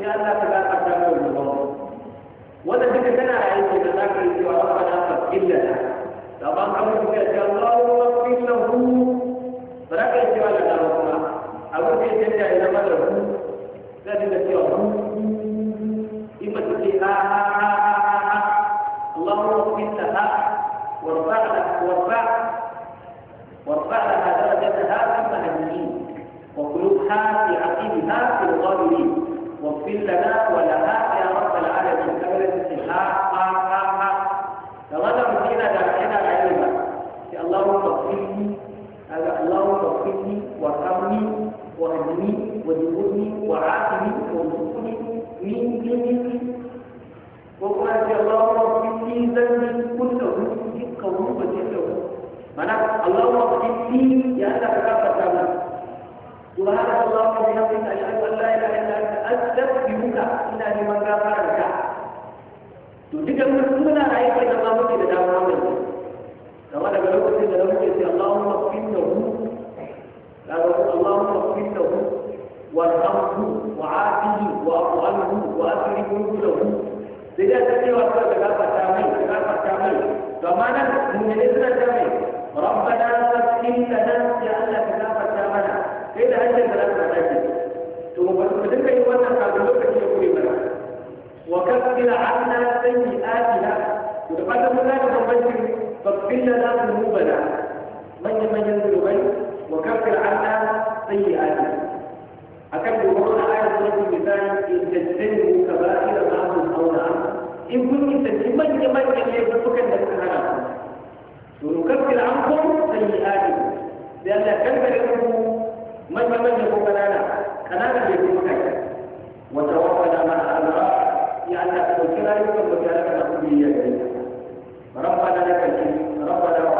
ya Allah ka za ka samu wani ba wanda duka kana rayu ne da za yi cewa ba na faskin da ta da ban ka mutu ce Allah hu yi cewa da dama da da cewa hu in ba ta ce idan mun muna rayu da mamu da dama wannan kamar daga lokacin da muke sai da take wa ta daga fata mai daga fata mai mun ne suna mai rabbana fatin lana manya ke laifukan da suka hana ku to kafin an kuma sai hadi da Allah kankare ku manya-manyan ko kanana kanana laifukan wata wafada ma al'amara ya Allah ka dauki rayuwar da kuma yi yadda rabbana lakal الحمد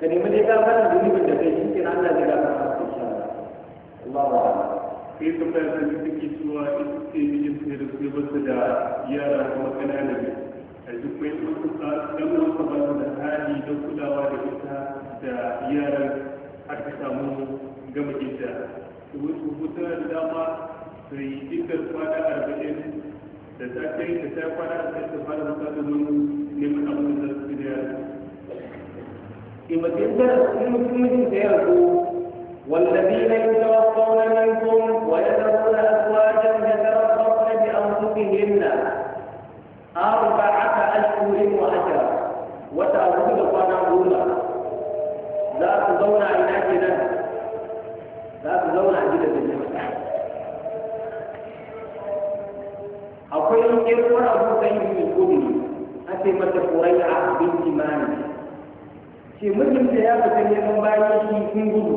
ka nemi ne ka fara zunubin da kai shi Allah zai gafarta maka insha Allah Allahu a'lam sai ta fara da take cewa ita ce mijin sai da su ba da yara kuma kanana ne a duk mai wasu dan wasu ba da hali don kulawa da ita da yaran aka samu gama gida wasu hutuna da dama sai idan kwana arba'in da ta kai da ta kwana arba'in da fara da ta neman abin da za su da في مدينة المسلمين سيركوا والذين يتوفون منكم ويذرون أزواجا يتربصن بأنفسهن أربعة أشهر وأشهر وتأخذ قانا أولى لا تزون عن أجلا لا تزون عن أجلا akwai irin wani abu sai yi kudi a ce mata kurai a binci ce mutum da ya fita neman bayan shi sun gudu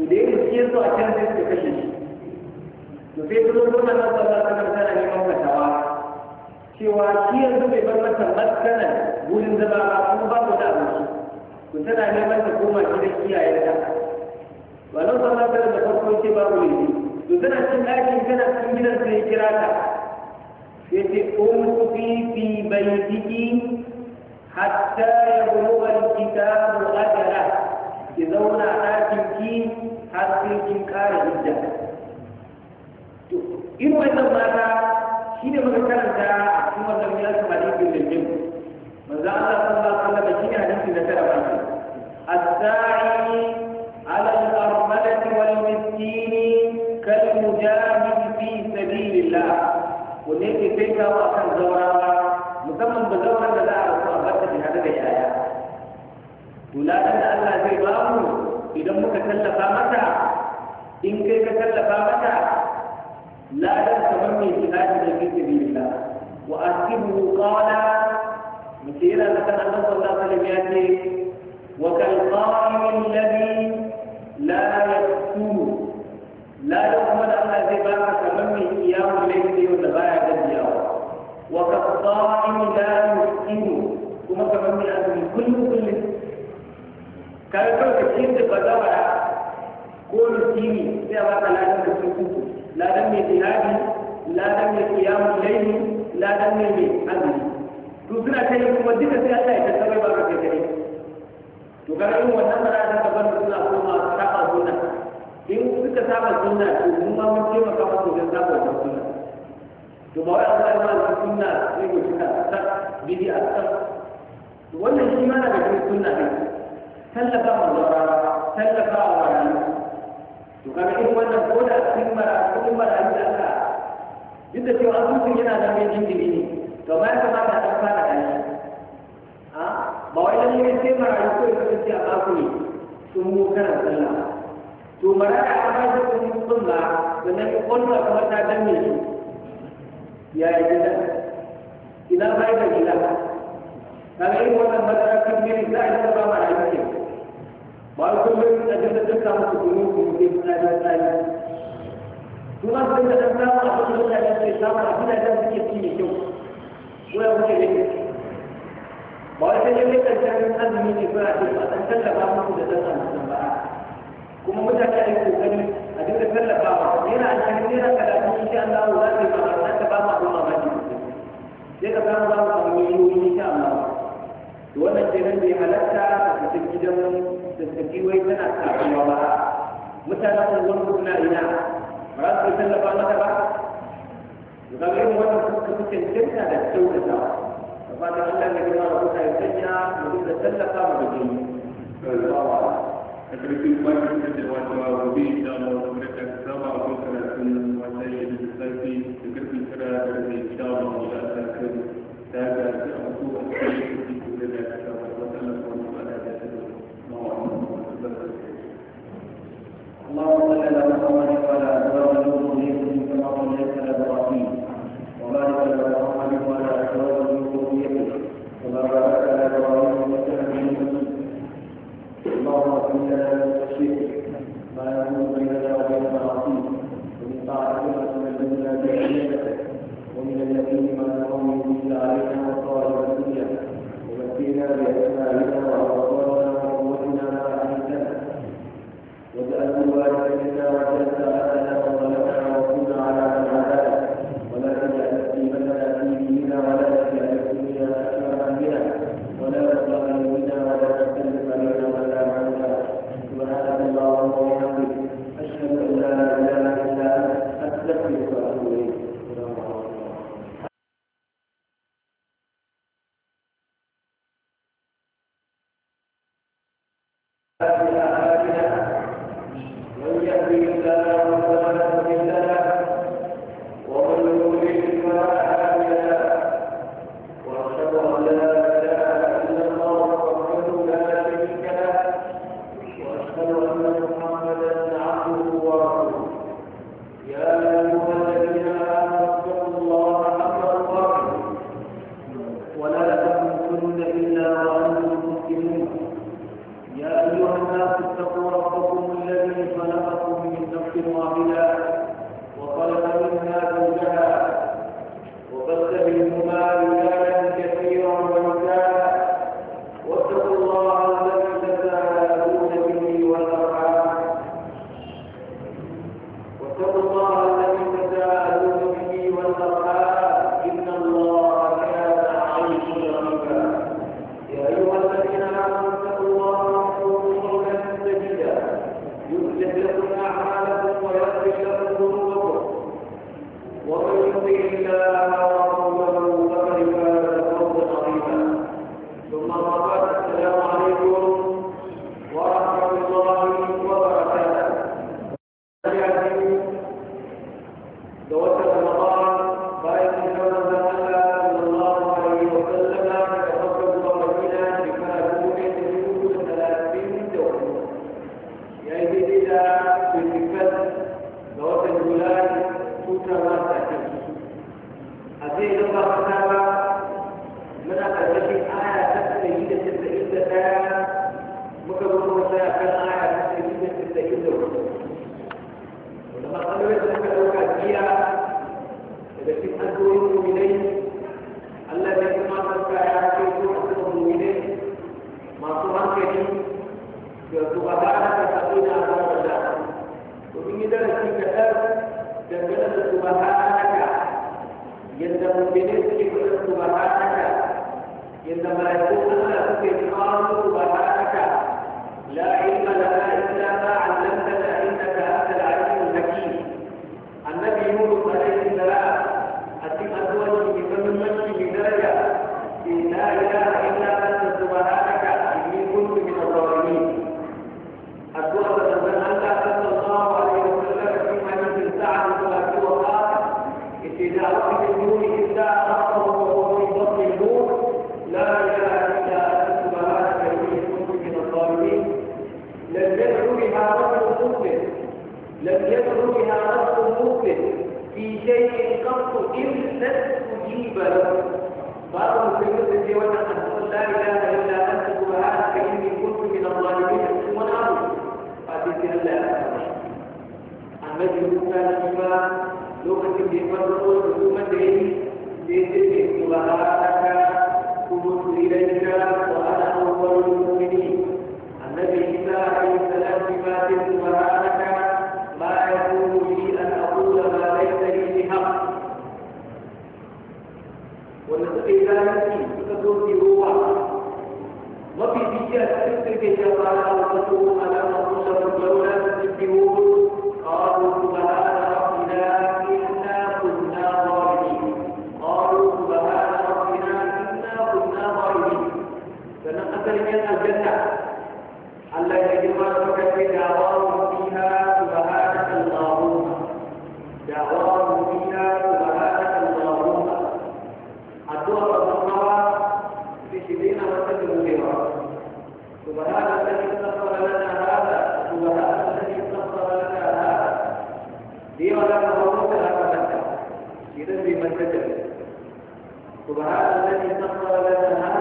to da ya riske su a can sai suka kashe shi to sai su zo na nan sallah ta tana neman fatawa cewa shi yanzu bai bar masa maskana gurin zama ba kuma ba ku da abinci Ku tana neman ta koma gidan Ba walau sallah ta da farko ce babu ne to tana cin ɗakin tana cikin gidan sai kira ta sai ce umkufi fi hatta ya buluwa kitabu ajala ki zauna ɗakin ki har sai kin ƙara hijja in wannan mata shi ne muka karanta a cikin wannan milasu hadisin da jin manzo Allah sallallahu alaihi wasallam shi ne hadisi na tara ba الساعي على الأرملة والمسكين كالمجاهد في سبيل الله ونيجي فيك وأكن زوراوا musamman ba zauren da za a rasu a barka da hada da yaya tuladan da Allah zai ba mu idan muka tallafa mata in kai ka tallafa mata ladan kamar mai jihadi da fi sabilillah wa asibu qala mace yana da kan Allah sallallahu alaihi wasallam ya ce wa kal qa'im alladhi la yaqulu ladan kuma da Allah zai ba ka kamar mai iyamu laifi wanda baya gajiyawa وكالصائم لا يحسن kuma kamar mai azumi kullum kullum kare kawai ka ce da bazawara ko miskini sai a baka ladan da sun kuku ladan mai jihadi ladan mai kiyamun laini ladan mai mai azumi to suna kai kuma duka sai Allah ya tattabai ba ka kai to wannan fara da kaban da suna ko ma saba sunna in suka mun mun to ba wai an zai mana sunna sai ko sunna ta bidi a ta wannan shi mana da cikin sunna ne tallafa wa zara tallafa wa wani to kaga in wannan ko da sun mara ko in mara an da ka duk da cewa asusun yana da mai jinjiri ne to ma ya kamata a fara da shi ba wai dan ne sai mara ko ya kasance a ba ku ne sun mu kana sallah to mara da aka ba shi sunna wannan ko da kuma ta danne shi ya yi gida ina bai da gida kaga irin wannan matakan ne za a yi ba ma aiki ba kullum da jin da dukkan su kuma kuma ke suna da tsari kuma sai da dan samu a cikin da ya ce samu a cikin da suke ci ne kyau ko ya kuke ne ba wai sai ne kancan azumi ne yi ba dan tallafa muku da dan azumi ba kuma mutane a kokari a dinga tallafawa yana a cikin yana karatu insha Allah za su yi ba sai ka samu zamu samu miliyoyi ta amma to wannan kenan bai halatta ka fita gidan tattaki wai tana tafiya ba mutanen unguwar suna ina ba za su tallafa mata ba zama yin wannan suka fi cancanta da kyautata da fatan Allah ne gina da kuka yi sanya mu duk da tallafa mu da jini. A ƙarfin kwanan da wata wa gobe da wata wata sama a kusa da sun اللهم صل على محمد وعلى ازواج ذريته كما صليت على ابراهيم وبارك على محمد وعلى ازواج ذريته كما باركت على ابراهيم انك حميد مجيد اللهم اغفر لنا من خشيتك ما يكون بيننا وبين معاصيك ومن طاعتك ما تبلغنا به ومن اليقين ما تقوم به علينا mun yi darasi kaɗan dangane da subhanaka yadda mummune suke faɗin subhanaka yadda malaikun Allah suke kawo subhanaka la ilma lana illa ma 'allamtana innaka antal alimul hakim annabi yunus alayhi salam a cikin addu'a shi mai muhimmanci mai daraja ina ilaha في شيء قط إلا تجيب له بعض المسلمين في وجه تقول لا إله إلا أنت سبحانك إني كنت من الظالمين ثم نعود فأتيت إلا النبي موسى لما لغة في فرق الحكومة دي دي دي ببر منتجه سبحان الذي سخر لنا هذا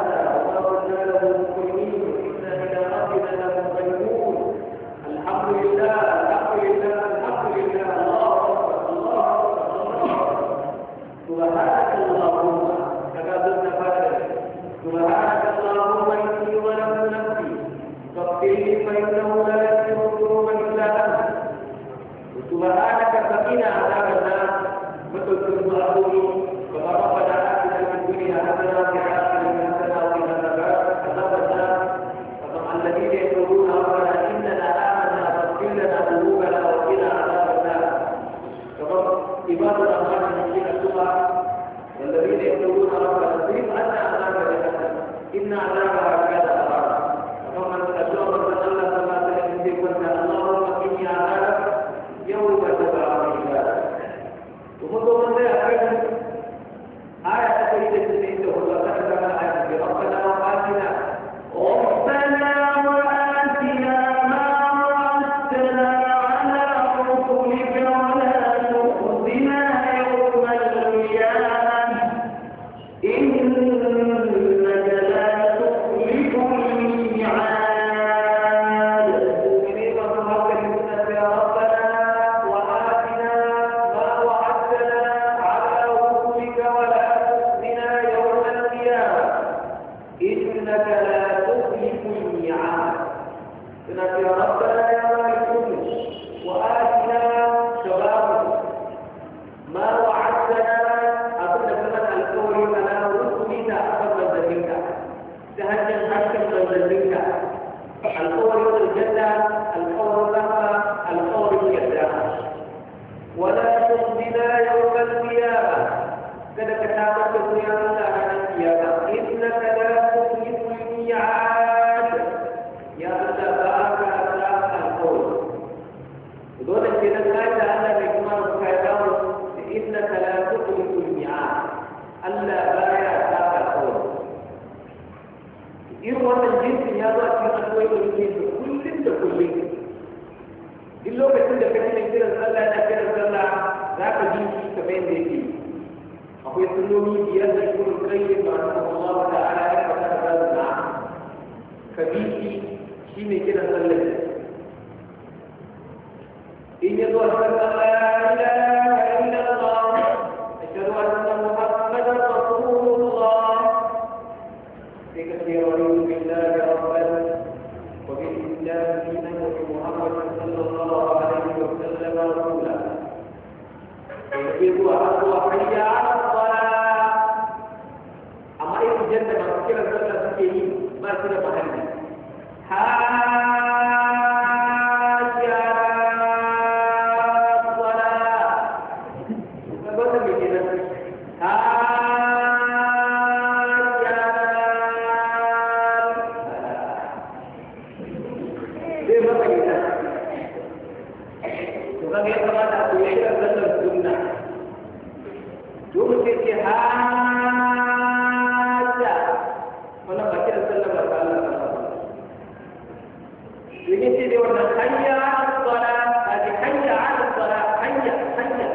بمثل يقول حي على الصلاة هذه حي على الصلاة حي حي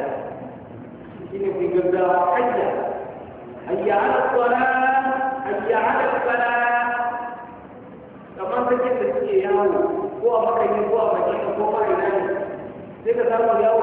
إنه في جزاء حي حي على الصلاة حي على الصلاة كما تجد السياوي هو مكان هو مكان هو مكان لذا ترى اليوم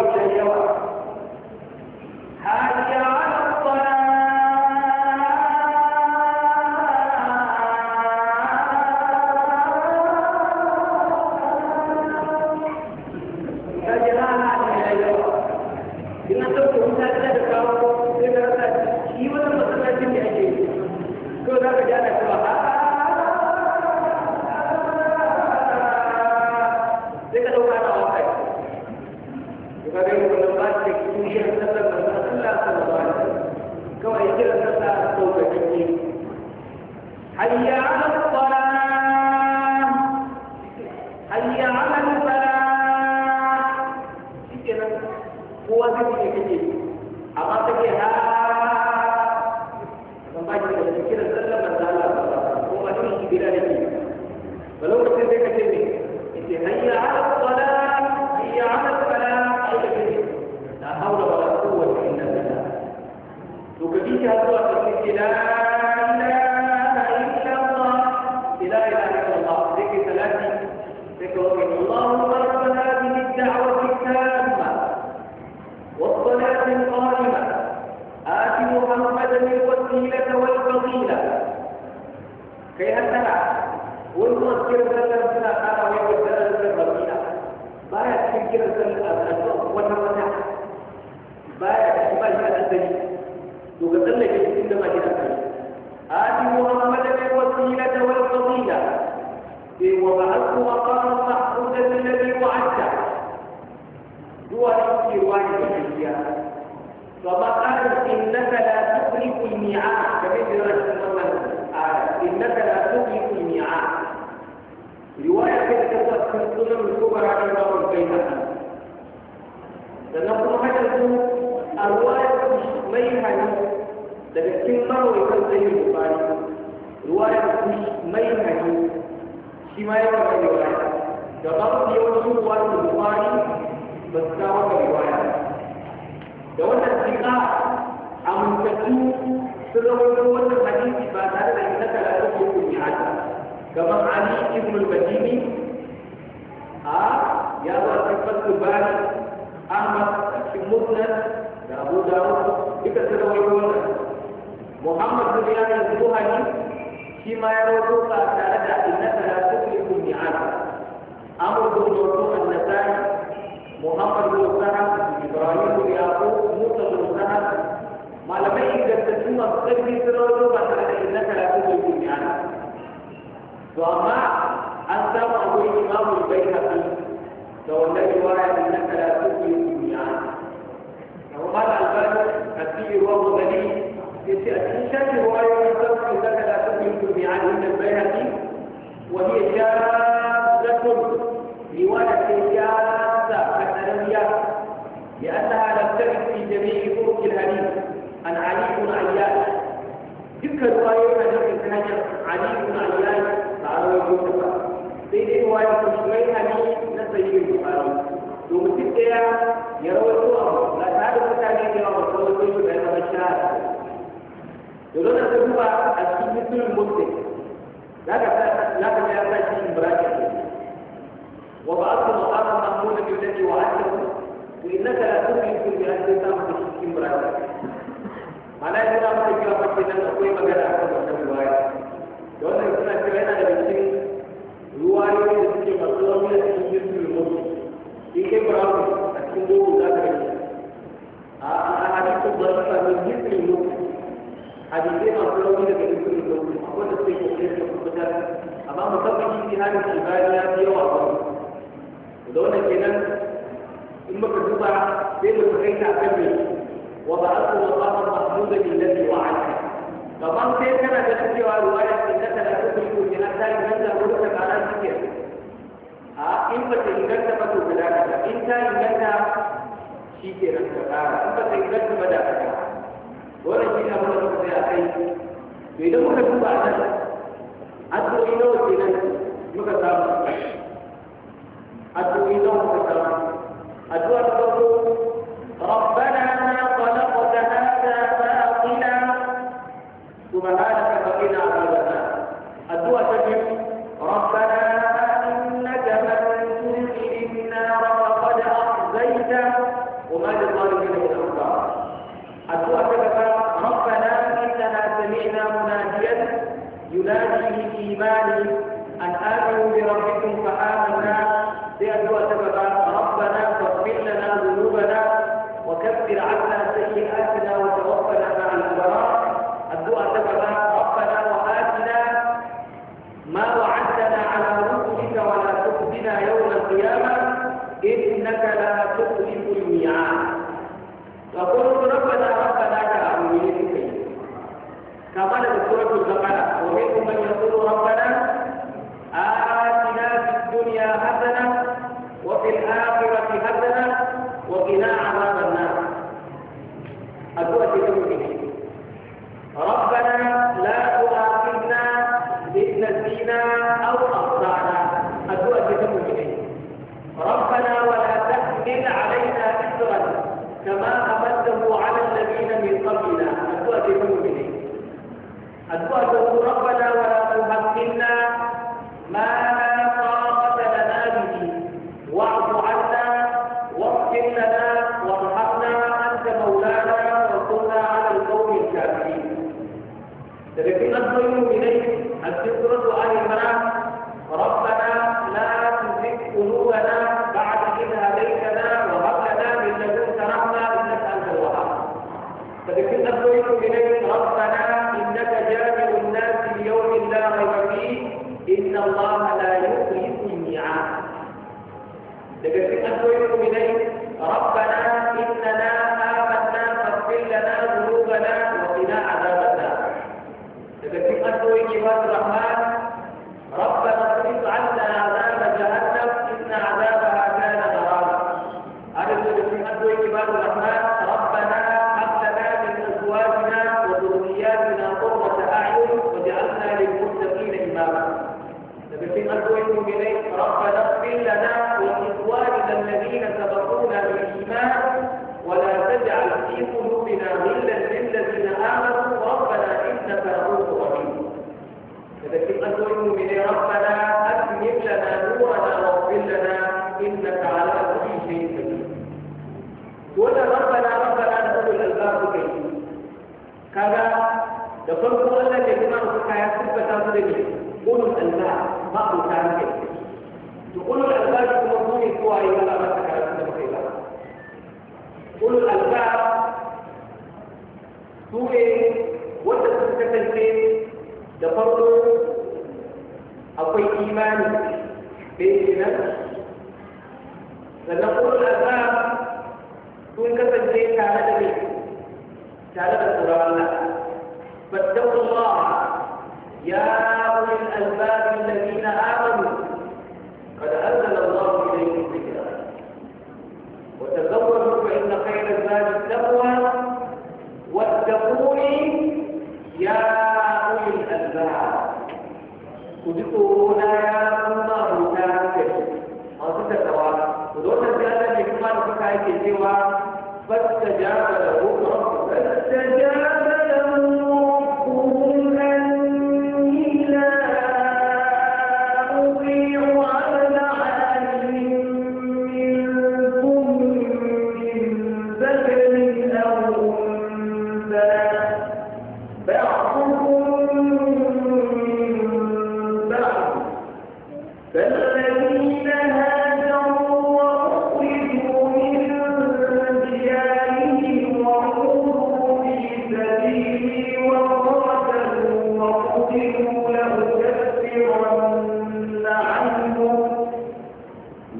kuwa rikewa ne da gaskiya to amma ƙarin innaka la tukhliqu al-mi'a kamar yadda yana cikin wannan ayat innaka la tukhliqu al-mi'a riwaya ce da ta cikin sunan al-kubra da Imam al-Baihaqi sannan kuma haka su a ruwayar mai hani daga cikin mawaitan sai Bukhari ruwayar mai hani shi ma yawan riwaya da babu yawancin ruwayar Bukhari بس كاوة رواية da wannan tsika amintattu sun rawaito wannan hadisi ba tare da ita karatu ko kuma hada kamar Ali ibn al-Badini a ya zo a cikin Bani Ahmad a cikin Musnad da Abu Dawud duka sun rawaito wannan Muhammad bin Yahya al-Buhari shi ma ya rawaito ba tare da ita karatu ko kuma hada Amr bin Rasul an-Nasai محمد بن سهل إبراهيم بن يعقوب موسى بن سهل ما لم يجد تسمى تسمي سرور مثلا إنك لا تدرك المعنى وما أنت أبو إمام البيهقي لو الذي وعد إنك لا تدرك المعنى وقال الباب كثير وهو رواية يقول إنك لا تؤمن المعنى من البيهقي وهي شاذة لأنها لم تجد في جميع طرق الحديث عن علي بن عياد تلك الرواية عن ابن حجر علي بن عياد تعالى يوسف سيد رواية شوي حديث نسي البخاري ثم تلك يروي الصور لا تعرف تعني يا رسول الله بين الشهادة يقولون الكتب مثل المسلم لا لا تتعرف شيء براكة وبعض المقام المأمون بالذي وعدت innaka la tuqitu bi hadhihi ta'ati cikin baraka mana yana mana kira fa kenan akwai magana akan wannan riwaya wannan suna cewa yana da cikin riwayoyi da suke masu rauni a cikin jirgin mutu in kai baraka a cikin dogo za ka yi a hadisin da suka zo jirgin in baka duba sai mu kai ta kan me wa ba'athu wa qama mahmuda alladhi wa'ada kaman sai kana da cewa ruwaya ta ta da kuma ko kina ta nan da wani ta kana cike a in ba ta inganta ba to guda ka in ta inganta shi ke nan ka kara in ba ta inganta ba da ka wannan shi ne abin da kuma ya kai to idan muka duba a nan addu'o'i nawa kenan muka samu addu'o'i nawa muka samu الدعاء ربنا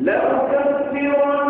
لأكفرن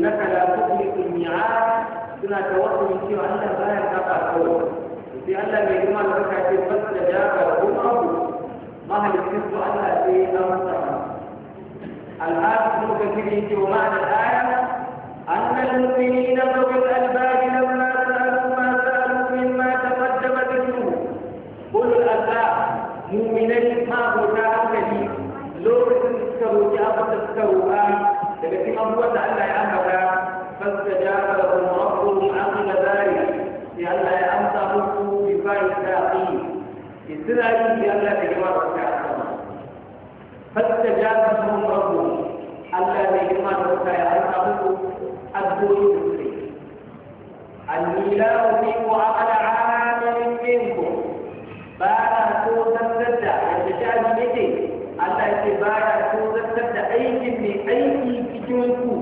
إنك لا تخلق الميعاد بما توصل إنك ان لا يبقى أقول في أن لم يجمع لك في فصل جاء ربما ما هل يجب أن لا في أمسا الآن سنوك في إنك ومعنى الآية أن المؤمنين ذوي الألباب لما سألوا ما سألوا مما تقدم ذكره قل الأباء مؤمنين ما هو جاء كبير لو رسل تسكروا جاء فتسكروا آي لكن أبوة أن إسرائيل بألا تجمع ركعة فاستجاب لهم ربهم ألا تجمع ركعة أنه أدعو يسري أني لا أطيق عمل عامل منكم بانا سوزا سدا يتجاهل يدي ألا يتبايع سوزا سدا أي كلمة أي كلمة تجنكو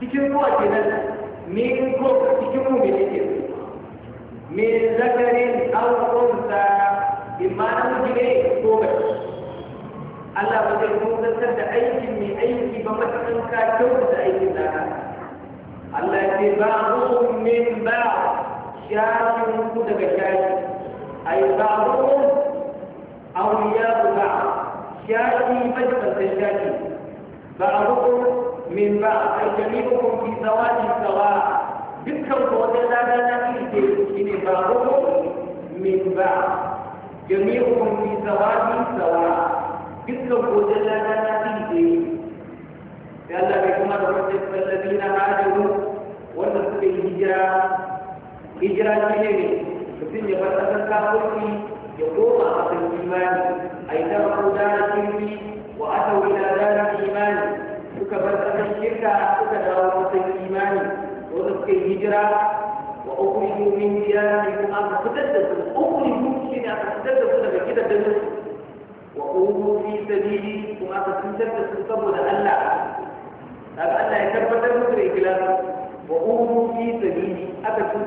تجنكو أجنال منكم تجنكو من الجنة من ذكر أو أنثى إما نمجي كوبا Allah ba zai mutantar da aikin mai aiki ba matakan ka kyauta aikin da ka. Allah ce ba mun min ba shafin ku daga shafi. Ai ba mun auliya ba shafi majalisa shafi. Ba mun min ba ai jami'ukum fi sawaji sawa. dukkan ku wata lada na ilke shi ne ba min ba jami'ukum fi sawabi sawa dukkan ku wata lada na ilke sai Allah bai kuma da wata tsallabi na hajaru wanda suka yi hijira hijira shi ne mutum ya bar ƙasar kafirci ya koma a kan imani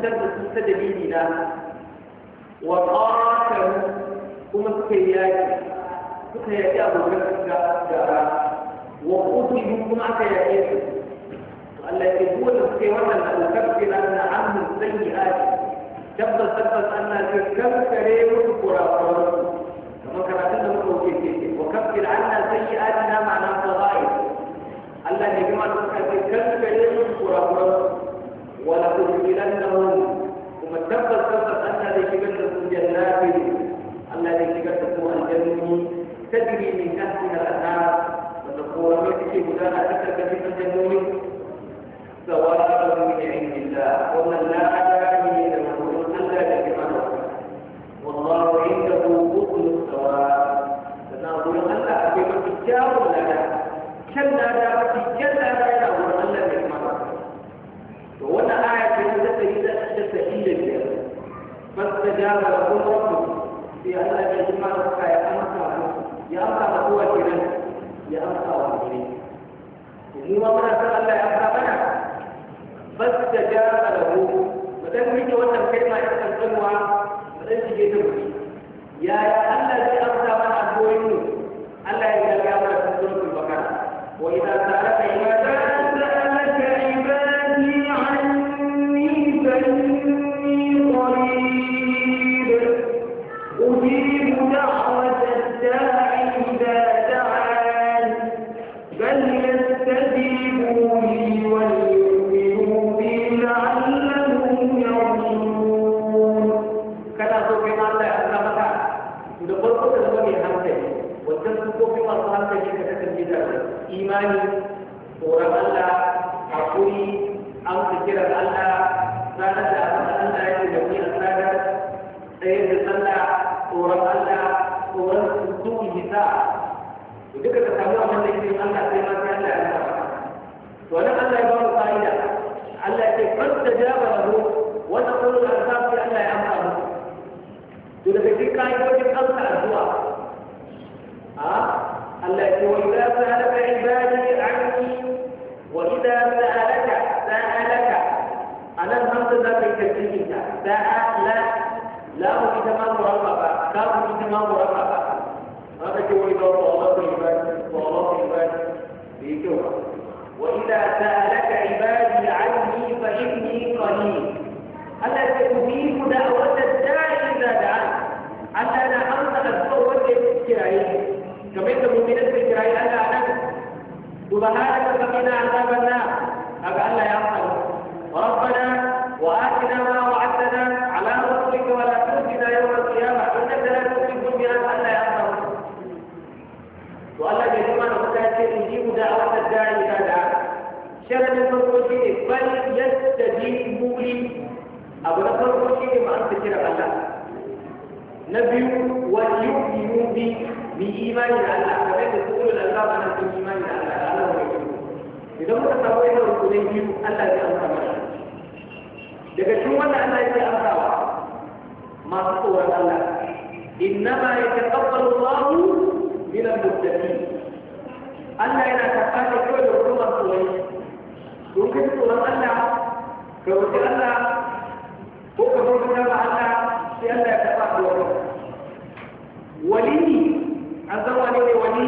تدرس تدليلنا وقاتل كما كياك كياك أبو بكر جرا وقتل كما كياك الذي هو الذي وصل وكفر أن عنه السيئات كبر سبب أن تكفر يذكر وكفر عنا سيئاتنا معنا الضغائب الذي كما تكفر يذكر أبو ولأدخلنهم وما تبقى الكفر أن لشبتكم جنات أن لشبتكم الجنة تجري من تحتها الأنهار وتقول مثل بدانا تكتب في الجنة سواء من عند الله ومن لا أدرى من المنزل ألا يجمعه والله عنده حكم السواء فنقول ألا أبي من تجاوز لنا كلا لا تجلى لنا وألا يجمعه wata aya ce ta tsari da ta tsari da biyar fasta jama da kuma wato sai ya sa ya ji mata suka yi amsa wa ya amsa wa kowa kiran ya amsa wa kiran ni ma muna Allah ya amsa mana fasta jama da kuma wato mu yi wata kalma ta tsantsanwa mu dan shige ta wuri ya ya Allah zai amsa mana a koyin mu Allah ya ga ya mana tsantsanwa ko ina tsara kai ma tsara mana sun imani da Allah da Allah wai idan muka samu irin rukunin biyu Allah zai amsa mana daga cikin wannan Allah ya zai amsawa masu tsoron Allah innama yataqabbalu Allahu min al-muttaqin Allah yana tabbata kawai da kuma tsoron don kai tsoron Allah ka wuce Allah ko ka bauta ba Allah sai Allah ya tabbata wani wali an zama ne wali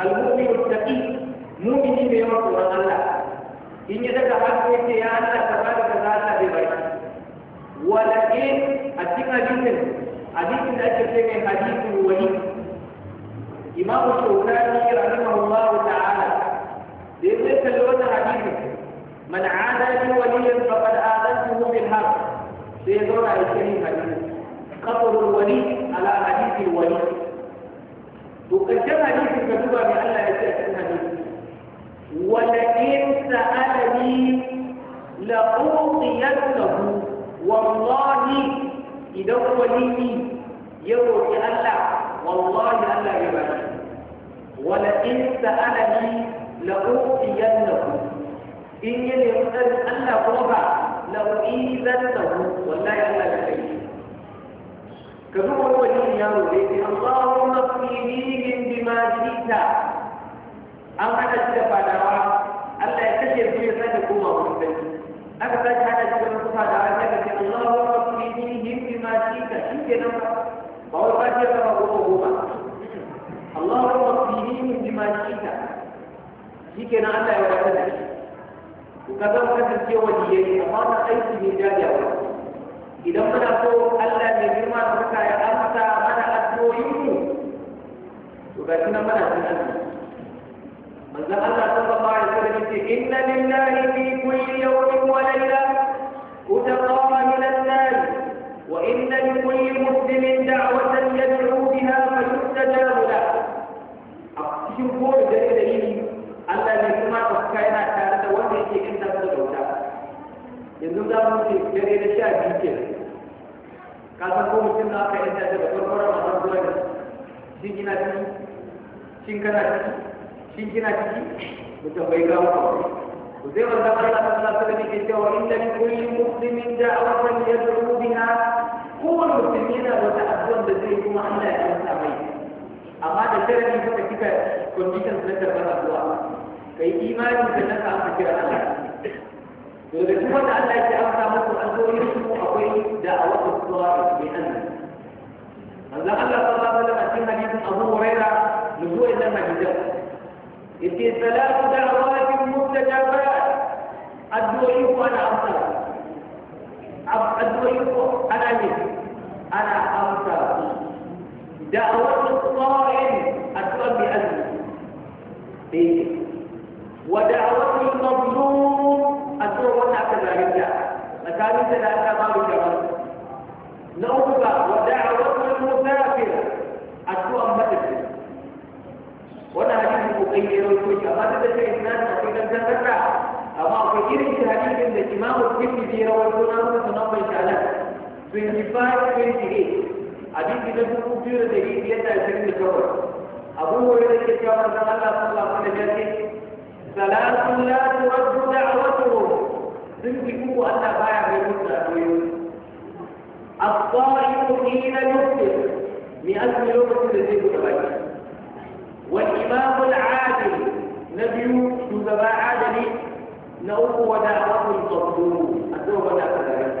المؤمن التقي مؤمن بما قرأ الله إن يدك حق سيانا تبارك الله بغيره ولكن أتك أجيزن أجيزن أجيزن أجيزن حديث الوليد إمام الشوكاني رحمه الله تعالى لأنه سلوات حديث من عادى بوليا فقد آذنته بالحق سيدون على الشريف حديث قطر الولي على حديث الولي وكان حديث كتبه من الله يتأكد حديث ولئن سألني لأعطينه والله إذا وليني يروي الله والله ألا يبارك ولئن سألني لأعطينه إن يسأل ألا ربع لأعيذنه والله ألا يبارك كذوب وجهي يا اللهم اكفيهم بما جئت أم أنا استفى دعوة ألا يكشف في ذلك هو مرتب أكثر هذا الشيء مرتفع دعوة اللهم اكفيهم بما جئت شك نفع فهو قد فاشل فهو اللهم اكفيهم بما جئت شك نفع ألا يكشف وكذا وكذا الشيء وليين أفضل أيدي من جاجة إذا منا فوق ga shi nan mana cin azumi manzon Allah sallallahu alaihi wasallam yace inna lillahi fi kulli yawmin wa layla utaqama min an-nar wa inna li kulli muslimin da'watan yad'u biha fa yustajabu lah a cikin kowace dare da yini Allah ne kuma ɗauka yana tare da wanda yake in da bauta yanzu za mu ce dare da sha biyu kenan ka san ko mutum na aka yanta daga farko ramadan zuwa da shi gina cikin shin kana ciki shin kina ciki mutum bai gawo kawai ku zai wanda Allah sallallahu alaihi wasallam ke cewa inna li kulli muslimin da'watan yad'u biha kowane mutum yana wata addu'a da zai kuma Allah ya amsa mai amma da sharadi kuma kika conditions na karɓar addu'a kai imani ka naka amsa kira Allah to da kuma da Allah ya amsa muku addu'o'in ku akwai da'awatu su'a bi annabi Allah Allah sallallahu alaihi wasallam a cikin hadisin Abu Hurairah من هو إلا مجدد إذ ثلاث دعوات مستجابات الدعيف أنا أمسك الدعيف أنا أمسك أنا أمسك دعوة الصائم أكرم بأزمة إيه؟ ودعوة المظلوم أكرم كذلك مكان ثلاثة ما بجمال نوبة ودعوة المسافر أكرم wannan hadisi ko kai ne rawaito shi amma duk da cewa isnad akwai gangan kasa amma akwai irin shi hadisin da Imam Tirmidhi ya rawaito na masa sunan bai shalan 25 28 hadisi na dubu biyu da dari biyar da ashirin da abu wani da ke cewa manzon Allah sallallahu alaihi wa sallam salatun la turaddu da'watuhum sun fi uku Allah baya mai mutu da doyoyi حين يفطر مئات يوم في الزيت والإمام العادل نبي جزباء عادل نوه ودا رب الضبور أدوه ودا فدرة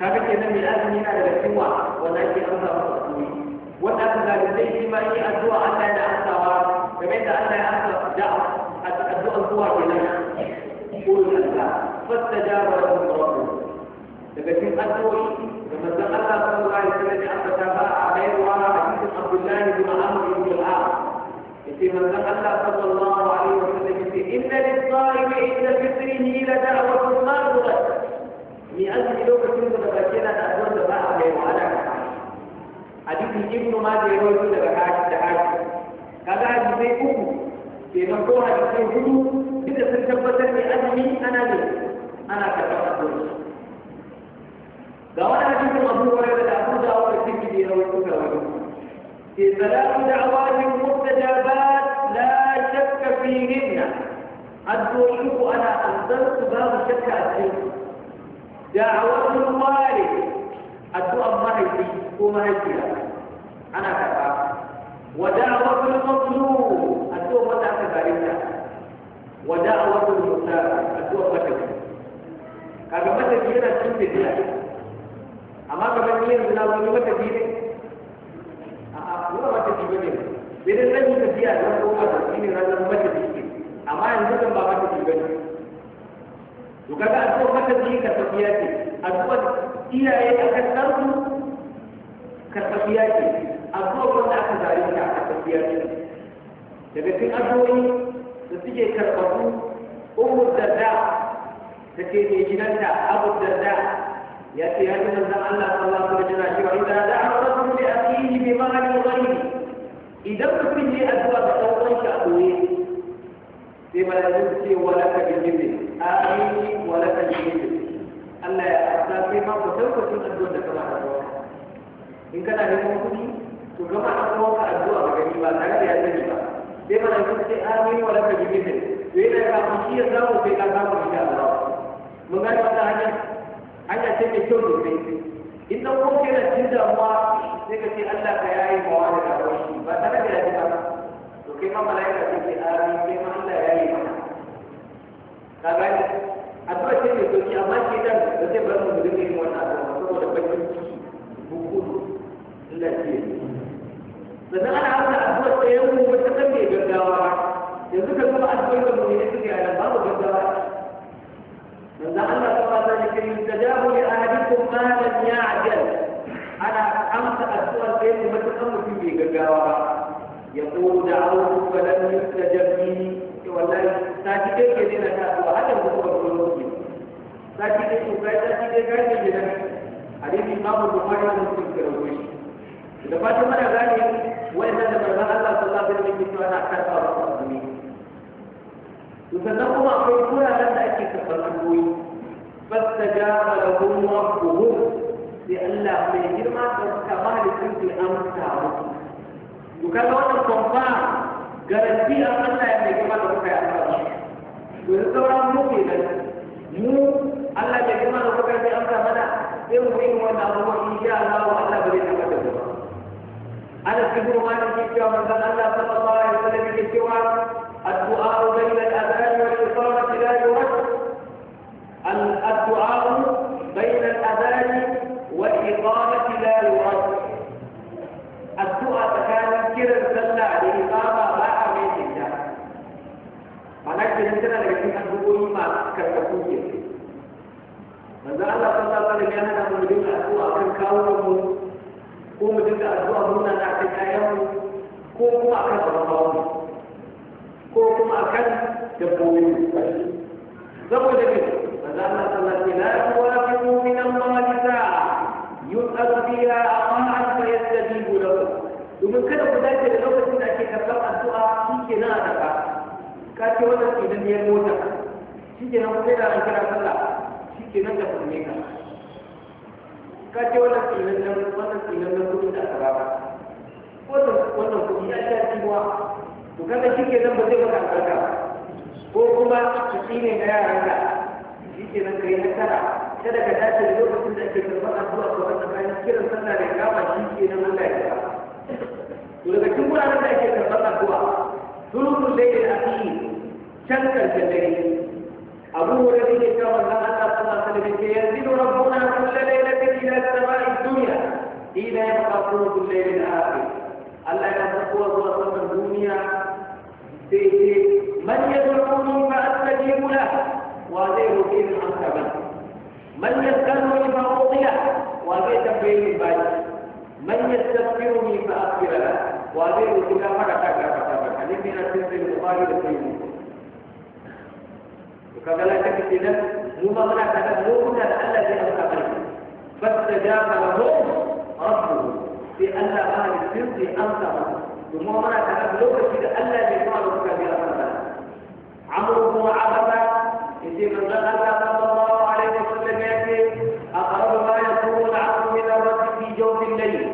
كابت ينمي الآن من هذا السوى وذلك أمضى مصطوي وذلك ذلك ما هي أدوه أنت أنت أنت أنت كمين أنت أنت أنت أنت أدوه أدوه بلنا قول الله فاستجاب لهم ربه لكن أدوه لما تقلت الله عليه وسلم أنت تباع عليه عبد الله بن عمرو بن العاص في من تخلى صلى الله عليه وسلم ان للصائم عند فطره لدعوه صادقه لأجل لوكة متفكرة أدوان دفاع عليه وعلى حديث ابن ماجه يروي لك حاجة حاجة كذا حديث أبو في نقوها حديث أبو إذا تنتبت لأجلي أنا لي أنا كتاب أدوان دعوانا حديث أبو هريرة أبو داود الترمذي يروي لك ثلاث دعوات مستجابات لا شك فيهن شوف أنا أصدرت باب الشك أسير دعوة الوالد الدعاء مهدي ومهدي أنا كفا ودعوة المظلوم الدعاء متى كذلك ودعوة المسافر الدعاء متى كذلك كما متى كذلك أما كما كذلك nuna mata ci bane sai dai ɗan yi tafiya da wani kuma da shi ne ranar mata ci amma yanzu zan ba mata ci bane to kaga a cikin mata ci ka tafiya ce a cikin iyaye a kan sarku ka tafiya ce a cikin wanda aka zare ka ka tafiya ce daga cikin addu'o'i da suke karɓarku ummu darda take mai gidanta abu darda يأتي هذا من الله صلى الله عليه وسلم وإذا دعا الرجل لأخيه بمعنى غيره إذا كنت أدوى فأوضيك أخويه بما لا تبكي ولك بجبل آمين ولك بجبل Allah ya sa sai ma ku daukacin addu'ar da kama da kowa in kana neman kuɗi to gama an kawo ka addu'a ga gani ba tare da ya sani ba sai mana kun ce amin wa laka jimin to yana ka shi ya samu sai ka samu insha Allah mun ga ta hanya hanya ce mai kyau domin in dan kuma yana jin damuwa sai ka ce Allah ka yayi mawa da damuwa shi ba tare da yaji ba to kai ma malaika ce ke amin kai ma Allah ya yi mana ka gani addu'a ce mai sauki amma ke dan da zai bar mu dinga yin wannan addu'a saboda bakin ciki bukuru Allah ce sannan ana haka addu'a tsayen mu wata kan mai gaggawa yanzu ka zama addu'a da mu ne suke a nan babu gaggawa لأن كما ذلك يستجاب لأحدكم ما لم يعجل أنا أمس السؤال بين متقم في بيجاوة يقول دعوت فلم يستجب لي والله ساكتين كذين كاتوا هذا هو القرآن ساكتين وكاي ساكتين كاي كذين hadisi imamu bukhari da muslim ke rubuce da fatan mana gane wai da manzon Allah sallallahu alaihi wasallam yake cewa na karɓa sannan kuma akwai wuraren da ake karɓar addu'o'i fastajaba lahum rabbuhum sai Allah mai girma da suka mahalicin su amsa musu to kaga wannan kwamfa garanti an Allah ya mai girma da kuka yi amsa to yanzu sauran mu ke nan mu Allah ya girma da kuka yi amsa mana sai mu yi wannan abubuwa insha Allah wa Allah ba zai taɓa da ba ana cikin rumanin ke cewa manzon Allah sallallahu alaihi wasallam ke cewa الدعاء بين الأذان والإقامة لا يرد الدعاء بين الأذان والإقامة لا يرد الدعاء كان كرا سلا لإقامة لا أمين الله معناك تنسينا لكي أدعوه ما كتبوه manzo Allah sallallahu alaihi wasallam yana mu dinga addu'a kan kawo mu ko mu dinga addu'a muna na kan ayyan ko kuma akan babbawo ko kuma a kan dabbobin kashi saboda ne maza Allah sallallahu alaihi wa sallam la tuwafiqu min Allah sa'a yu'adhu biha amran fa yastajibu lahu domin kada ku dace da lokacin da ake karɓar addu'a nan a daka ka ce wannan nan ya mota shi ku nan da an kira sallah shikenan da kurme ka ka ce wannan ke nan wannan ke nan kudin da aka ba ko wannan kudi ya sha cewa to kaga shi ke nan ba zai maka albarka ko kuma su tsine na yaranka shi ke nan kai nasara kada ka dace da lokacin da ake karɓar addu'a ko wata bayan kiran sallah da kama shi ke nan Allah ya karɓa to daga cikin wuraren da ake karɓar addu'a sulhul layl al fi can karshen dare abu hurairah yake cewa manzon Allah sallallahu alaihi wasallam yake yanzilu rabbuna kullu laylatin ila as-sama'i ad-dunya ila yabqa qulubul layl da akhir Allah ya sako zuwa saman duniya من يدعوني فأستجيب له وأدعو في من عن من يسألني فأعطي له فيه من بعد من يستغفرني فأغفر له وأدعو فيه حركة كفتابة من السر في وسلم وكذا لا شك إذا مو مغنى كذا مو مغنى الذي أنقذني فاستجاب لهم ربه بأن أهل السر أنقذه domin muna tare da lokaci da Allah bai fara suka biya mana ba amru kuma abada yace manzon Allah sallallahu alaihi wasallam ya ce aqrabu ma yakunu al-'abdu min ar-rabbi fi jawfi al-layl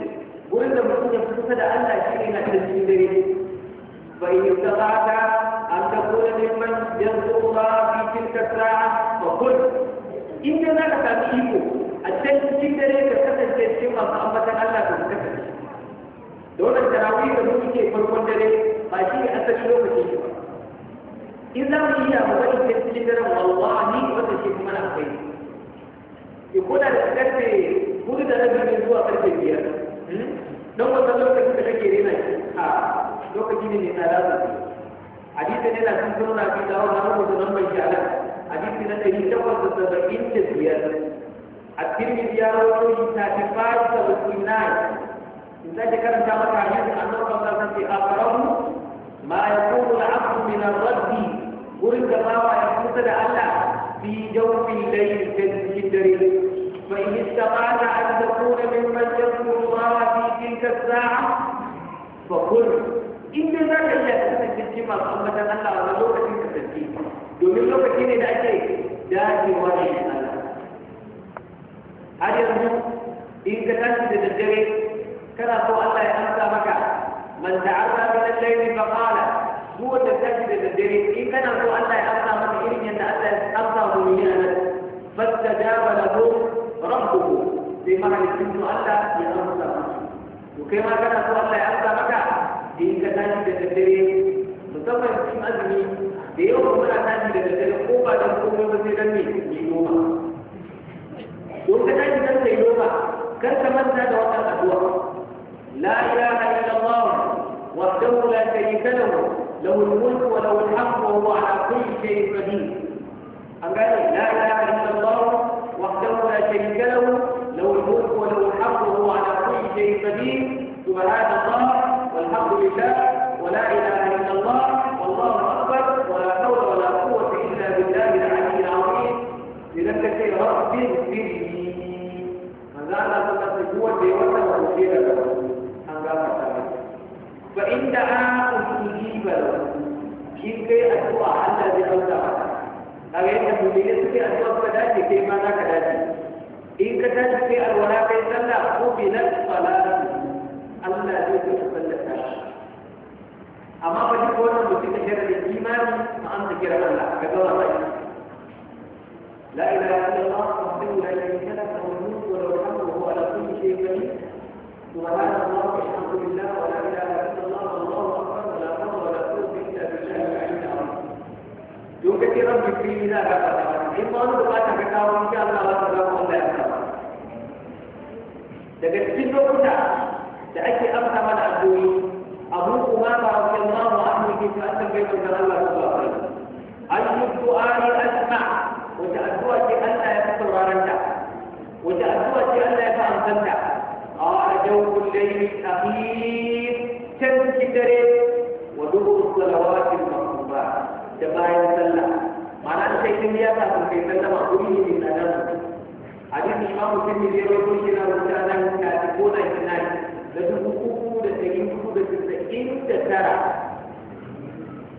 wurin da mutum ya fita da Allah shi ne na cikin dare fa in istata'ta an takuna mimman yarzuqu Allah fi tilka as-sa'a fa qul in kana ka sami iko a cikin dare ka kasance cikin masu ambatan Allah ka kasance da wannan tarawih da ke farkon dare ba shi ne asali lokacin shi ba in za mu yi da wani sai cikin daren wallahi wanda shi kuma na akwai ya koda da karfe hudu da rabi ne zuwa karfe biyar hmm? don wannan lokacin da kake rena shi a lokaci ne mai tsada sosai hadisi ne na kan sunna fi dawo na rubuta nan bai shi ala hadisi na ɗari takwas da saba'in da biyar a cikin ya rawaito shi 35 79 sake karanta maka hadisi annabi sallallahu alaihi wasallam akarahu ma yaqulu al-'abdu min ar-rabb gurin da bawa ya kusa da Allah fi jawfin layli ta dare fa in istaqata an takuna mimman yadhkuru Allah fi tilka as-sa'a fa qul in dai za ka iya cikin masu ambatan Allah a wani lokacin kasance domin lokaci ne da ake dacewa da Allah har yanzu in ka tashi da daddare كلا سوى الله يأمسى مكة من تعرى من الليل فقال هو تكتب الدليل إن كان سوى الله يأمسى مكة إن يتأسى أمسى مليانا فاستجاب له ربه بمعنى إن الله يأمسى مكة وكما كان سوى الله يأمسى مكة إن كان الدليل musamman cikin azumi da yawan muna tashi da daddare ko ba da komai ba sai dan ne yi noma don لا إله إلا الله وحده لا شريك له له الملك وله الحمد وهو على كل شيء قدير أما لا إله إلا الله وحده لا شريك له له الملك وله الحمد وهو على كل شيء قدير سبحان الله والحمد لله ولا إله إلا الله والله أكبر ولا حول ولا قوة إلا بالله العلي العظيم لنفسك ربك به فإن دعاكم تجيب له كيف كي أدعو أحد الذي أوزع أو أنت مجلس في أدعو فداتي كي ما ذاك داتي إن كتاج في الولاء كي صلى قبلت صلاة الله يجب تصلى أما بدي أقول لك بتكشف الإيمان ما أنت كده الله كده الله لا إله إلا الله وحده لا شريك له له الملك وله الحمد وهو على كل شيء قدير سبحان الله والحمد لله ولا إله إلا الله والله أكبر ولا حول ولا قوة إلا بالله العلي العظيم يوم كثيرا بكريم إلى هذا إن قالوا بقاتا كتاب إن شاء الله وسلام الله أكبر daga cikin lokuta da ake amsa mana addu'o'i abu kuma ba wa sallallahu alaihi wa sallam bai da Allah subhanahu wa ta'ala al-du'ani asma wata addu'a ce Allah ya fi sauraron ta wata addu'a ce Allah ya fi amsanta قال جوف الليل الأخير كم كدري ودور الصلوات المطلوبات جماعة سلة معنى أن شيء يا تاسم في سلة مقبولي من أدم حديث الإمام الترمذي يقول كنا رجعنا كاتبون إثنان لدو حقوق لتجين حقوق لتسعين تسارة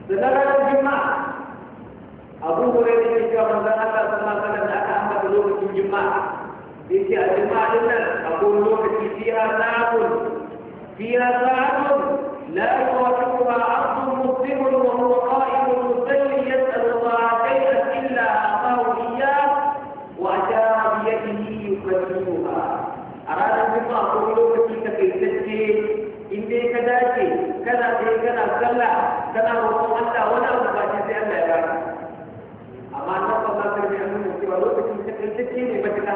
سنرى الجماعة أبو هريرة يقول من ذلك صلى الله عليه وسلم أتى أحمد لوكة الجماعة yake a jima'in nan akwai lokaci fiya sa'adun fiya sa'adun la yuwafiquha abdun muslimun wa huwa qa'imun musalli yas'alu Allah khayran illa aqahu iyyah wa ajaa bi yadihi yukadimuha a ranar juma'a akwai lokaci ka kai tacce in dai ka dace kana sai kana sallah kana roƙon Allah wani abu ba sai Allah ya baka amma nan ba za ka ji an nuna cewa lokacin ka kai tacce ne matuƙa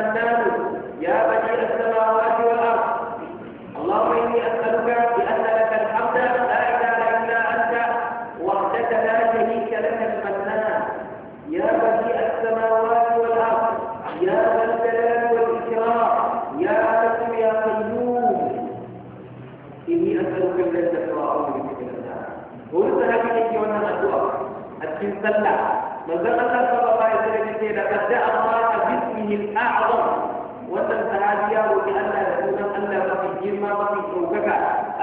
الناس يا بني السماوات والأرض اللهم إني أسألك بأن لك الحمد لا إله إلا أنت وحدك لا شريك لك المنان يا بني السماوات والأرض يا ذا الجلال والإكرام يا حي يا قيوم إني أسألك الجنة وأعوذ بك من النار قلت هذه أنت وأنا أدعوك التمثلة من ذكر الله صلى الله عليه وسلم إذا الله به الأعظم وتنتهى يا لئلا يكون ألا بقي جرما بقي شوكك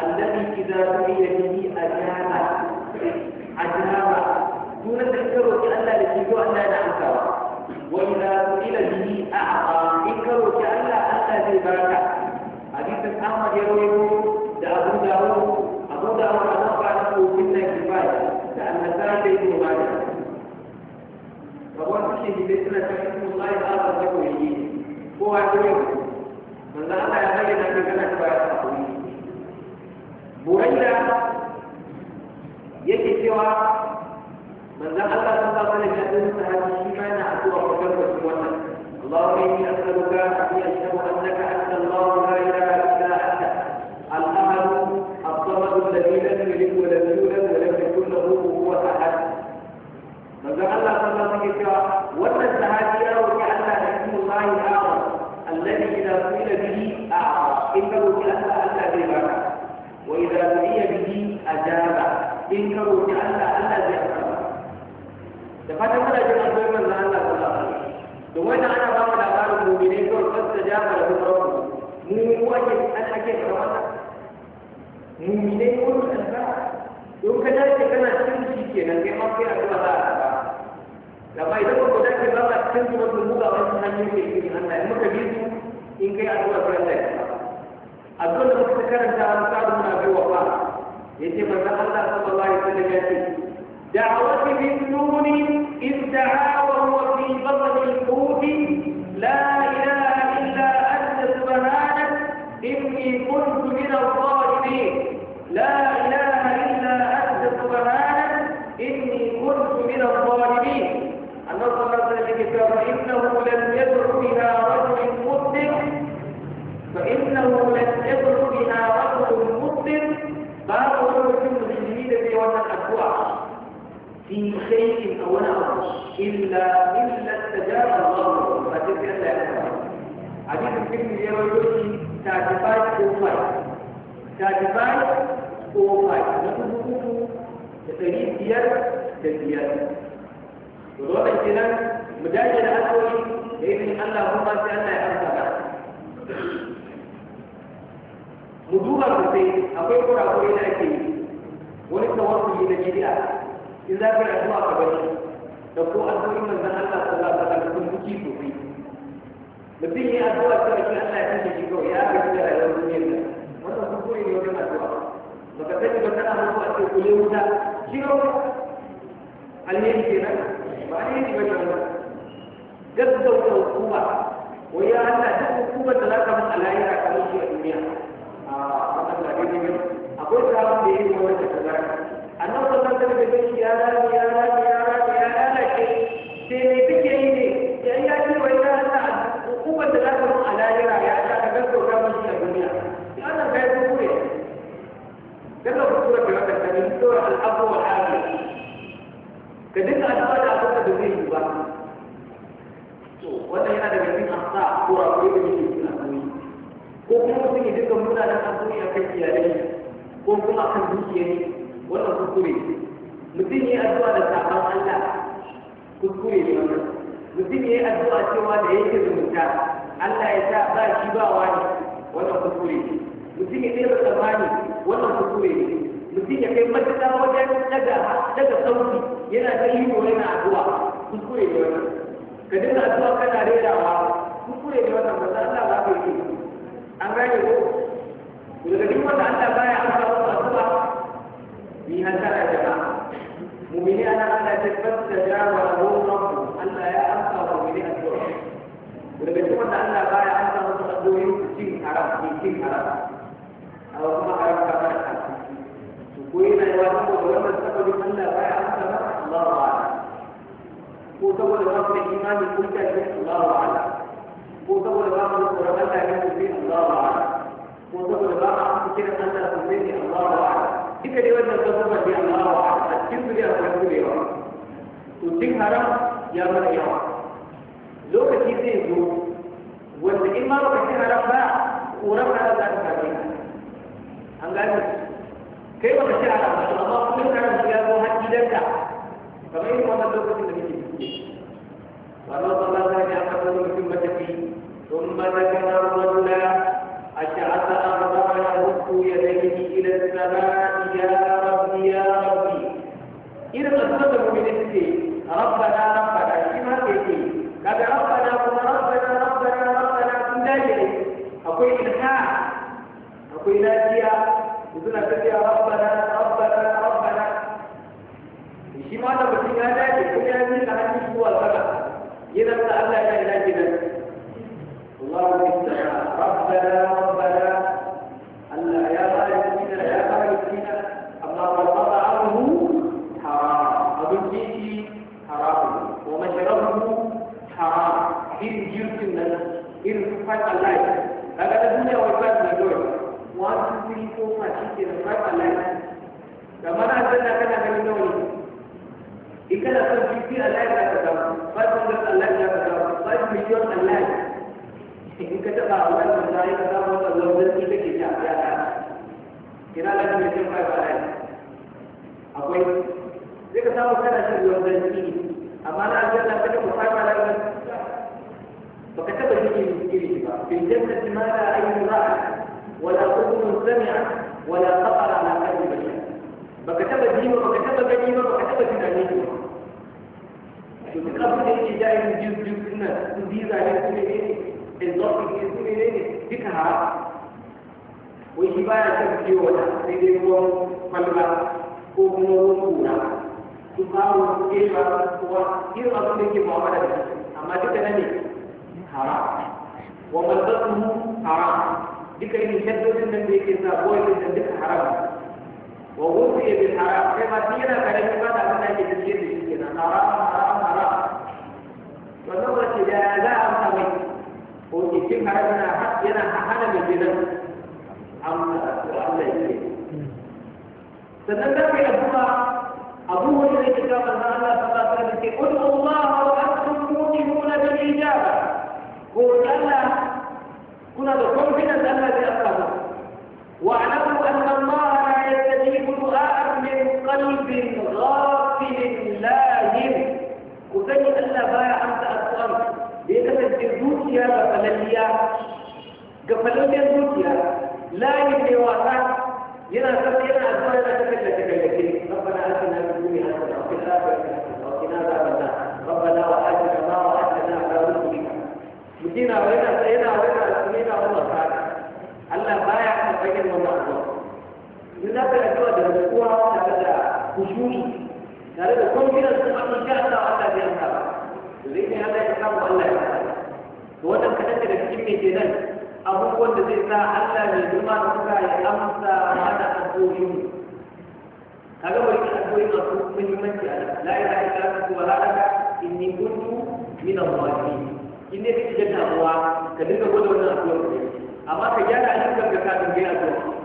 الذي إذا رؤي به أجاب أجاب دون تذكره كألا يجب أن لا نعكر وإذا سئل به أعطى انكره كألا ألا ذباك حديث أحمد يرويه ده أبو داود أبو داود أنفع له في النجفات لأن ذلك rabuwar suke gibe suna ta fi kuma tsayin ala da ko yi kowa ta yau manzo Allah ya bayyana ke kana ta baya ta koyi buraida yake cewa manzo Allah sallallahu alaihi wa sallam sahabi shi ma yana addu'a ko gaba da wannan اللهم إني أسألك أن أشهد أنك أنت الله لا إله إلا أنت الأحد الصمد الذي لم يلد ولم يولد manzo Allah sallallahu alaihi cewa wannan sahabi ya roki Allah da ismu Allah ta'ala alladhi idza qila bihi a'a in ka roki Allah Allah zai baka wa idza qila bihi ajaba in ka roki Allah Allah zai baka da fatan kuna jin addu'ar manzo Allah sallallahu alaihi wasallam to wannan ana ba mu labarin mu'minai kawai fasta jaba da kuma rabbu mu mu ake an ake karanta mu'minai ko da don ka dace kana cikin shi kenan kai ma kai addu'a za a لما يدخل بتاعك بقى تنتج مطلوبه او تنتج في الجنه ان جاء هو بلاك اظن مفتكر ان ده صعب من ابي وفاء يجي من الله صلى الله عليه وسلم دعوتي بالنون اذ بطن الحوت لا اله الا انت سبحانك اني كنت من الظالمين لا اله الا انت سبحانك ɗari biyar da biyar to dole kenan mu dace da alƙawari Allah kuma sai Allah ya amsa ba mu duba sosai akwai kurakurai da ake yi wani tawakkuli na bid'a in za ka yi ka bari da ko addu'o'in manzon Allah sallallahu alaihi wasallam sun buki sosai mutum yi Allah ya kashe shi ya ga da rayuwar duniyar nan wannan kuskure ne wajen addu'a baka sani ba kana mutu a ce kiro alheri kenan ba alheri ba kenan gaggauta hukuma wai ya Allah duk hukumar da za ka mun alayira kamar shi a duniya a wannan ba daidai ba akwai samun da ya wanda ta zaka annabi sallallahu alaihi wasallam ya rami ya rami ya rami ya lalace sai ne wa al'abu wa al'abu ka dinga da abin da zai yi ba to wannan yana daga cikin amsa ko akwai da yake cikin addu'a ko kuma mutum ya dinga munanan a akan iyalai ko kuma akan dukiyar wannan kuskure mutum ya addu'a da sabon Allah kuskure ne wannan mutum ya addu'a cewa da yake zumunta Allah ya sa ba shi ba wani wannan kuskure ne mutum ya dinga tsammani wannan kuskure ne mutum ya kai matuƙa wajen daga daga sauki yana da yi yana addu'a kuskure ne wannan ka dinga addu'a kana rerawa kuskure ne wannan ba Allah ba ka yi an gane ko daga duk wanda Allah baya amsa wa addu'a ni hasara jama'a mu'mini ana Allah ta fassara wa rabbukum Allah ya amsa wa mu'mini addu'a daga duk wanda Allah baya amsa wa addu'a cin haram cin haram kuma haram ka fara وين يواجهه ولما استقبل أن لا بايع أنت الله أعلم وتقول رب الإيمان كنت الله أعلم وتقول رب القرآن لا يكون الله أعلم وتقول رب كده أن لا تكون الله أعلم كده دي وجه التصرف دي الله أعلم الكذب دي أقول لي وتين حرام يا من يوم لو كتير زو والإيمان كتير حرام بقى ورب على ذلك أنقذ kai ba ka ci ana ba amma kuma ka ga kamar yadda wannan lokacin da kake cikin ba na sallah da ya ka zo mutum ba ta fi don ba ta ga wanda a ci hasa a ba ba ya rufu ya da ya irin da suka zama mai nake rabba na rabba da ma ke ke kada rabba na kuma rabba na rabba na rabba akwai ilha akwai lafiya suna tafiya rabbana rabbana rabbana shi ma da mutum ya dace kuma ya miƙa hannun zuwa sama yana sa Allah ya ila gidan Allahu istana rabbana rabbana Allah ya bari kina ya bari kina amma wal mat'amuhu haram abinci shi haram wa mashrabuhu haram din jirkin nan irin fat Allah kaga da duniya wai fat na dole one two three four five six seven five a line da mana aljanna kana ganin nawa ne in kana son fifty a line za ka samu five hundred a line za ka samu five million a line in ka taɓa a wannan za ka samu wannan launin ita ke ta a yara ina da kuma cin five a line akwai zai ka samu kana cin launin ne amma na aljanna ka taɓa five a line baka taɓa cin irin ba bin jannati yi la ayyuka ولا أذن سمعت ولا خطر على قلب بشر بكتب الدين بكتب قديما بكتب في قبل الابتداء من جزء جزء الناس تزيد على اسم الضغط اسم ذكرها وشبايا تبكي ولا سيدي هو ملغى وصولا تقاوم كيف هو كيما معاملة أما duka حرام ne حرام duka yin shaddodin nan da yake sa ko yake da duka haram wa wuce ya bin haram kai ma tun yana kare ba da abin da ake tafiye da shi kenan haram haram haram wannan ba ce da za a amsa mai ko ke cin haram yana hana mai gidan amma ko Allah ya ce sannan da kai abuwa abu wani da ke kama na Allah ta ba ta da ke kun Allah wa antum mu'minuna bil ijaba ko Allah تكونون بكونفدنس الذي أقامه واعلموا أن الله لا يستجيب دعاء من قلب غافل لاهٍ وكان ألا بايع أنت أسأل يتسجل دوتيا غفلليا غفلليا دوتيا لا يتواصل ينا سبت ينا أسوأ ينا تكلا ربنا آتنا في الدنيا حسنة وفي الآخرة حسنة وقنا ربنا وآتنا ما وعدتنا على رسلك مدينا وينا duni tare da kungiyar sun amma jiya da wata biyar ta ba da zai ne hada ya kama Allah ya ta wannan kadan daga cikin ne ke abubuwan da zai sa Allah ne zuma da suka yi amsa mana addu'o'in kaga bari ka addu'o'i ma su muhimmanci a nan la ilaha illa Allah wa la ilaha inni kuntu min al-wahidin in ne kake jin damuwa ka dinga gwada wannan addu'o'in amma ka gyara ayyukan ka kafin ka yi addu'o'in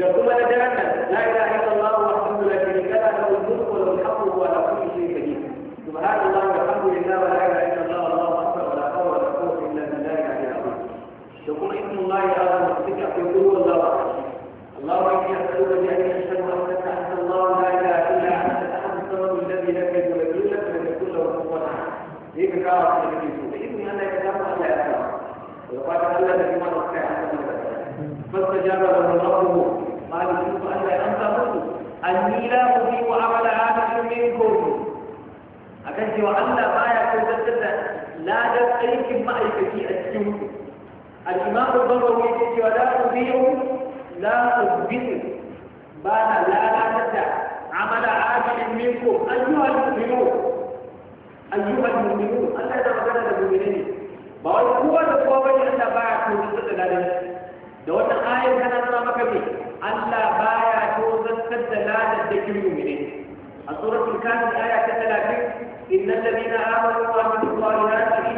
da kuma na daren nan la ilaha illallah wahdahu la sharika la lahu al-mulku wa lahu al-hamdu wa lahu kulli shay'in qadir subhanallah walhamdulillah wa la ilaha illallah allahu akbar wa la hawla wa la quwwata illa billah al-aliyyil azim da kuma inna allaha ya'lamu sirra fi qulubi allah اللهم اني اسالك بان اشهد انك انت الله لا اله الا انت الاحد الصمد الذي لم يلد ولم يولد ولم يكن له كفوا احد. ليك كافر باذن الله كتاب الله يا وقال الله لمن وقع فاستجاب له ربه anni la uzimu amala ahadin minkum akan cewa Allah baya kautar da ladar aikin ma'aikaci a cikin ku al-imam al-bawawi yake cewa la uzimu la uzimu ba na ladatar da amala ahadin ayyuhal mu'minun ayyuhal mu'minun Allah ya magana da mu'minai ba baya kautar da da wannan ayar tana nuna maka me Allah baya tozartar da ladar da kin mu'mini a suratul kafir aya ta 30 innal ladina amanu wa amilus salihati